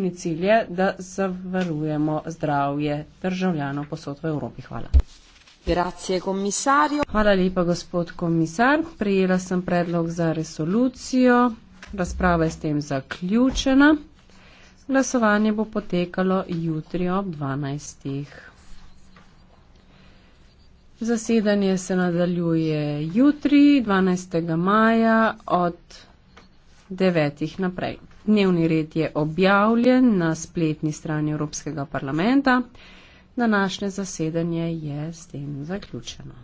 skupni cilj je, da zavarujemo zdravje državljanov posod v Evropi. Hvala. Grazie, Hvala lepa, gospod komisar. Prijela sem predlog za resolucijo. Razprava je s tem zaključena. Glasovanje bo potekalo jutri ob 12. Zasedanje se nadaljuje jutri, 12. maja od devetih naprej. Dnevni red je objavljen na spletni strani Evropskega parlamenta. Današnje zasedanje je s tem zaključeno.